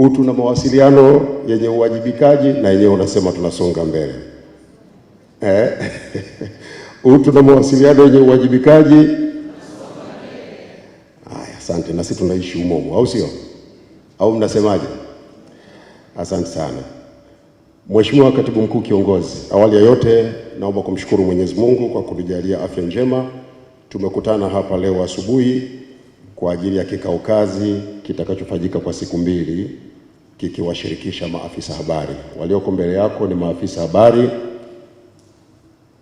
utu na mawasiliano yenye uwajibikaji na yenyewe unasema tunasonga mbele eh? utu na mawasiliano yenye uwajibikaji. Haya, asante. Na sisi tunaishi umomo, au sio? Au mnasemaje? Asante sana Mheshimiwa Katibu Mkuu Kiongozi. Awali ya yote, naomba kumshukuru Mwenyezi Mungu kwa kutujalia afya njema. Tumekutana hapa leo asubuhi kwa ajili ya kikao kazi kitakachofanyika kwa siku mbili kikiwashirikisha maafisa habari. Walioko mbele yako ni maafisa habari,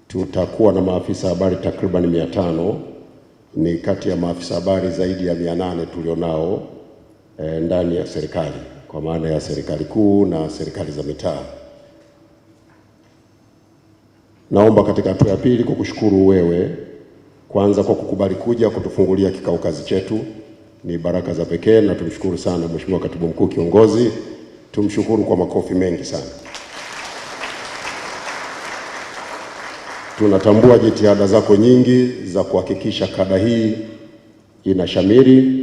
tutakuwa na maafisa habari takriban mia tano ni kati ya maafisa habari zaidi ya mia nane tulionao e, ndani ya serikali kwa maana ya serikali kuu na serikali za mitaa. Naomba katika hatua ya pili kukushukuru wewe kwanza kwa kukubali kuja kutufungulia kikao kazi chetu ni baraka za pekee na tumshukuru sana Mheshimiwa Katibu Mkuu Kiongozi, tumshukuru kwa makofi mengi sana. Tunatambua jitihada zako nyingi za kuhakikisha kada hii inashamiri,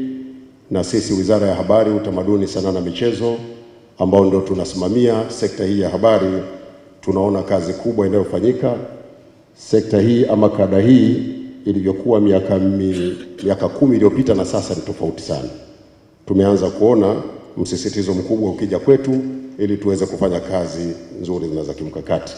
na sisi Wizara ya Habari, Utamaduni, Sanaa na Michezo ambao ndio tunasimamia sekta hii ya habari, tunaona kazi kubwa inayofanyika sekta hii ama kada hii ilivyokuwa miaka, mi, miaka kumi iliyopita na sasa ni tofauti sana. Tumeanza kuona msisitizo mkubwa ukija kwetu ili tuweze kufanya kazi nzuri na za kimkakati.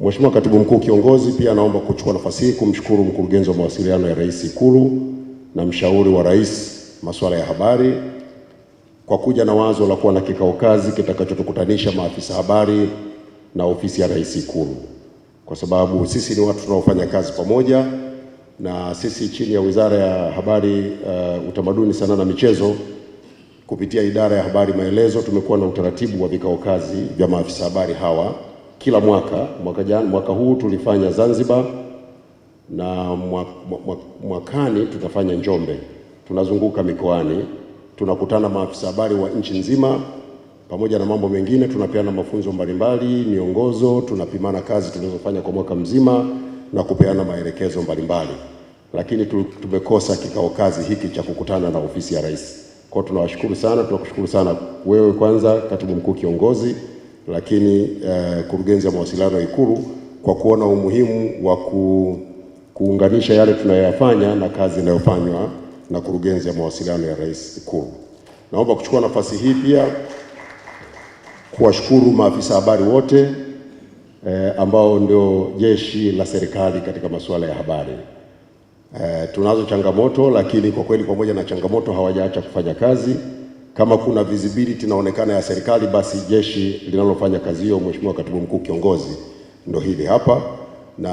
Mheshimiwa Katibu Mkuu Kiongozi, pia naomba kuchukua nafasi hii kumshukuru Mkurugenzi wa Mawasiliano ya Rais Ikulu na mshauri wa Rais masuala ya habari kwa kuja na wazo la kuwa na kikao kazi kitakachotukutanisha maafisa habari na ofisi ya Rais Ikulu, kwa sababu sisi ni watu tunaofanya kazi pamoja na sisi chini ya Wizara ya Habari, uh, Utamaduni, Sanaa na Michezo kupitia Idara ya Habari Maelezo tumekuwa na utaratibu wa vikao kazi vya maafisa habari hawa kila mwaka. Mwaka jana, mwaka huu tulifanya Zanzibar na mwakani tutafanya Njombe. Tunazunguka mikoani, tunakutana maafisa habari wa nchi nzima, pamoja na mambo mengine, tunapeana mafunzo mbalimbali, miongozo, tunapimana kazi tunazofanya kwa mwaka mzima na kupeana maelekezo mbalimbali, lakini tumekosa kikao kazi hiki cha kukutana na ofisi ya rais. Kwa tunawashukuru sana, tunakushukuru sana wewe kwanza, katibu mkuu kiongozi, lakini eh, kurugenzi ya mawasiliano ya Ikulu kwa kuona umuhimu wa ku, kuunganisha yale tunayoyafanya na kazi inayofanywa na kurugenzi ya mawasiliano ya rais Ikulu. Naomba kuchukua nafasi hii pia kuwashukuru maafisa habari wote eh, ambao ndio jeshi la serikali katika masuala ya habari. Eh, tunazo changamoto lakini kwa kweli, pamoja na changamoto, hawajaacha kufanya kazi. Kama kuna visibility inaonekana ya serikali, basi jeshi linalofanya kazi hiyo, Mheshimiwa Katibu Mkuu Kiongozi, ndio hili hapa, na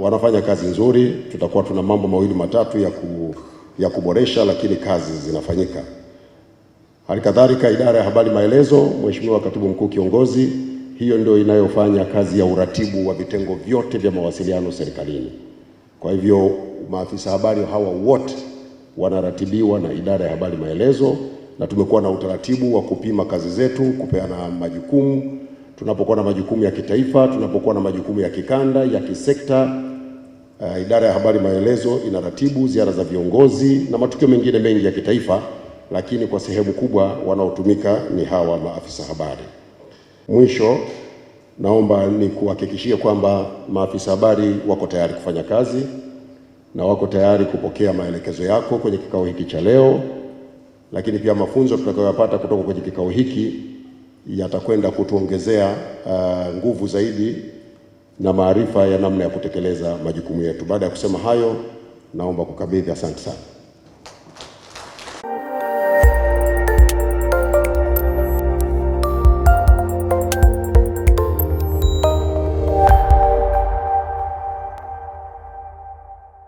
wanafanya kazi nzuri. Tutakuwa tuna mambo mawili matatu ya, ku, ya kuboresha, lakini kazi zinafanyika. halikadhalika idara ya habari maelezo, Mheshimiwa Katibu Mkuu Kiongozi hiyo ndio inayofanya kazi ya uratibu wa vitengo vyote vya mawasiliano serikalini. Kwa hivyo maafisa habari hawa wote wanaratibiwa na idara ya habari maelezo, na tumekuwa na utaratibu wa kupima kazi zetu, kupeana majukumu tunapokuwa na majukumu ya kitaifa, tunapokuwa na majukumu ya kikanda, ya kisekta. Uh, idara ya habari maelezo inaratibu ziara za viongozi na matukio mengine mengi ya kitaifa, lakini kwa sehemu kubwa wanaotumika ni hawa maafisa habari. Mwisho, naomba nikuhakikishie kwamba maafisa habari wako tayari kufanya kazi na wako tayari kupokea maelekezo yako kwenye kikao hiki cha leo, lakini pia mafunzo tutakayoyapata kutoka kwenye kikao hiki yatakwenda kutuongezea uh, nguvu zaidi na maarifa ya namna ya kutekeleza majukumu yetu. Baada ya kusema hayo, naomba kukabidhi. Asante sana.